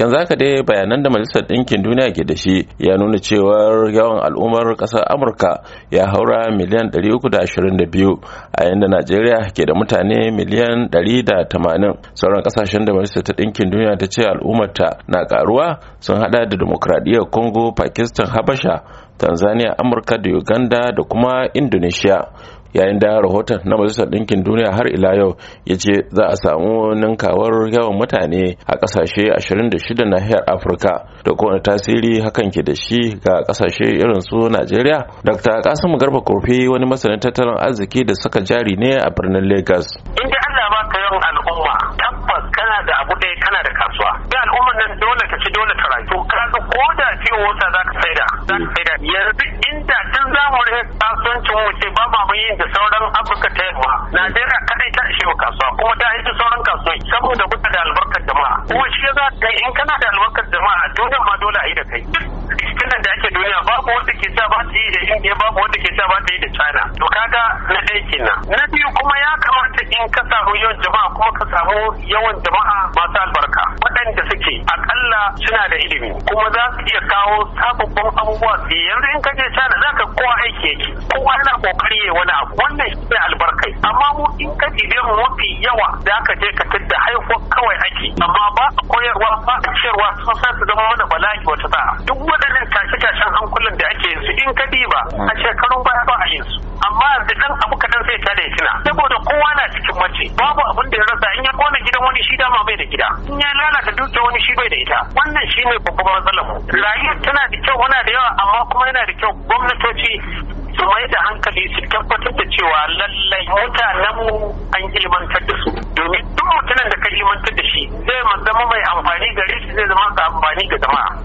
yanzu haka dai bayanan da majalisar ɗinkin duniya ke da shi ya nuna cewar yawan al'ummar ƙasar amurka ya haura miliyan 322 a yadda najeriya ke da mutane miliyan 180 sauran ƙasashen da majalisar ta ɗinkin duniya ta ce al'ummarta na karuwa sun hada da demokradiyyar congo pakistan habasha tanzania amurka da uganda da kuma indonesia yayin da rahoton na majalisar ɗinkin duniya har ila yau ya ce za a samu ninkawar yawan mutane a ƙasashe 26 nahiyar afirka da kowane tasiri hakan ke da shi ga ƙasashe irin su najeriya dr kasim garba kurfi wani masanin tattalin arziki da saka jari ne a birnin lagos inda allah ka al'umma tabbas kana da abu ɗaya kana da kasuwa ci dole ta rayu ko da ce wata za ka saida za ka saida yanzu inda za mu rage kasuwancin mu ba ma yi da sauran Afirka ta yamma. Najeriya kadai ta ishe kasuwa kuma ta ishe sauran kasuwai saboda kuka da albarkar jama'a. Kuma shi ya za ka in kana da albarkar wanda ke sa ba ta yi da India babu wanda ke sa ba ta yi da China to kaga na ɗaya kenan na biyu kuma ya kamata in ka samu yawan jama'a kuma ka samu yawan jama'a masu albarka waɗanda suke aƙalla suna da ilimi kuma za su iya kawo sababbin abubuwa su yanzu in ka je China za ka kowa aiki yake kowa yana kokari ya wani abu wannan shi ne albarkai amma mu in ka mafi yawa za ka je ka tadda haihuwa kawai ake amma ba a koyarwa ba a ciyarwa sun sa su zama mana bala'i a shekarun baya ba a yin su amma yanzu kan abu kadan sai ta tuna saboda kowa na cikin mace babu abin da ya rasa in ya kona gidan wani shi dama bai da gida in ya lalata dukiyar wani shi bai da ita wannan shine babban matsalar mu rayuwa tana da kyau muna da yawa amma kuma yana da kyau gwamnatoci su mai da hankali su tabbatar da cewa lallai mu an ilmantar da su domin duk mutumin da ka ilmantar da shi zai zama mai amfani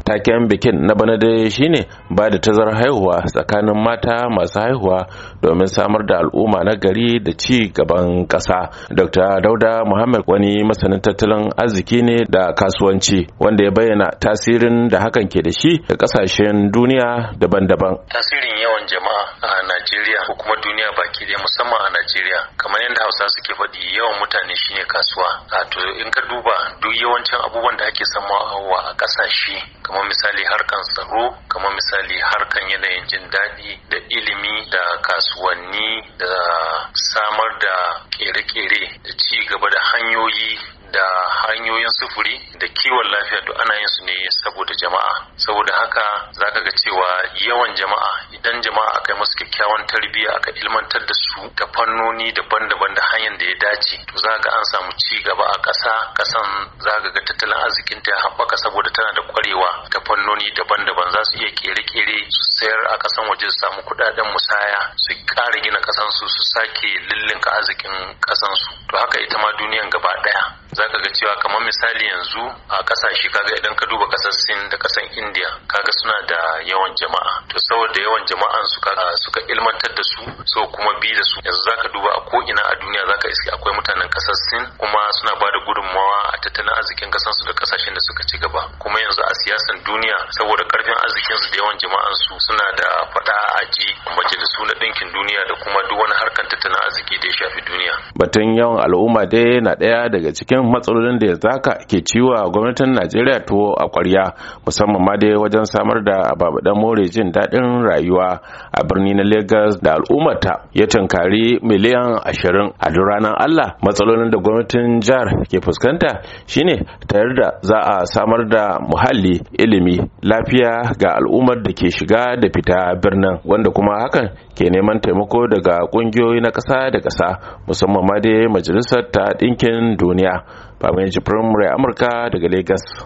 taken bikin na bana dai shine ba da tazarar haihuwa tsakanin mata masu haihuwa domin samar da al'umma na gari da ci gaban ƙasa dr dauda muhammad wani masanin tattalin arziki ne da kasuwanci wanda ya bayyana tasirin da hakan ke da shi da ƙasashen duniya daban-daban tasirin yawan jama'a a najeriya ko kuma duniya baki da musamman Najeriya kamar yadda Hausa suke faɗi yawan mutane shine kasuwa a to in ka duba duk yawancin abubuwan da ake samawa a ƙasashe kamar misali harkan tsaro kamar misali harkan yanayin jin daɗi da ilimi da kasuwanni da samar da ƙere-ƙere, da ci gaba da hanyoyi da hanyoyin sufuri da kiwon lafiya to ana yin su ne saboda jama'a saboda haka zaka ga cewa yawan jama'a idan jama'a aka yi musu kyakkyawan tarbiyya aka ilmantar da su ta fannoni daban-daban da hanyar da ya dace to za ga an samu ci gaba a ƙasa ƙasan za ga tattalin arzikin ta ya haɓaka saboda tana da ƙwarewa ta fannoni daban-daban za su iya ƙere kere su sayar a ƙasan waje su samu kuɗaɗen musaya su ƙara gina ƙasansu su sake lullunka arzikin ƙasansu to haka ita ma duniyan gaba ɗaya zaka ga cewa kamar misali yanzu a kasashe kaga idan ka duba kasar Sin da kasar India kaga suna da yawan jama'a to saboda yawan jama'an su suka ilmantar da su so kuma bi da su yanzu zaka duba a ko ina a duniya zaka iske akwai mutanen kasar Sin kuma suna ba da gudunmawa a tattalin arzikin kasar su da kasashen da suka ci gaba kuma yanzu a siyasan duniya saboda karfin arzikin su da yawan jama'an su suna da fada haƙi majalisu na ɗinkin duniya da kuma duk wani harkar tattalin arziki da ya shafi duniya. Batun yawan al'umma dai na ɗaya daga cikin matsalolin da ya zaka ke ciwa gwamnatin Najeriya tuwo a ƙwarya musamman ma dai wajen samar da ababadan more jin daɗin rayuwa a birni na Legas da al'ummar ta ya tunkari miliyan ashirin a duk ranar Allah matsalolin da gwamnatin jihar ke fuskanta shine tayar da za a samar da muhalli ilimi lafiya ga al'ummar da ke shiga da fita birnin wanda kuma hakan ke neman taimako daga kungiyoyi na ƙasa da ƙasa musamman ma dai majalisar ta ɗinkin duniya babban jibrin murai amurka daga lagos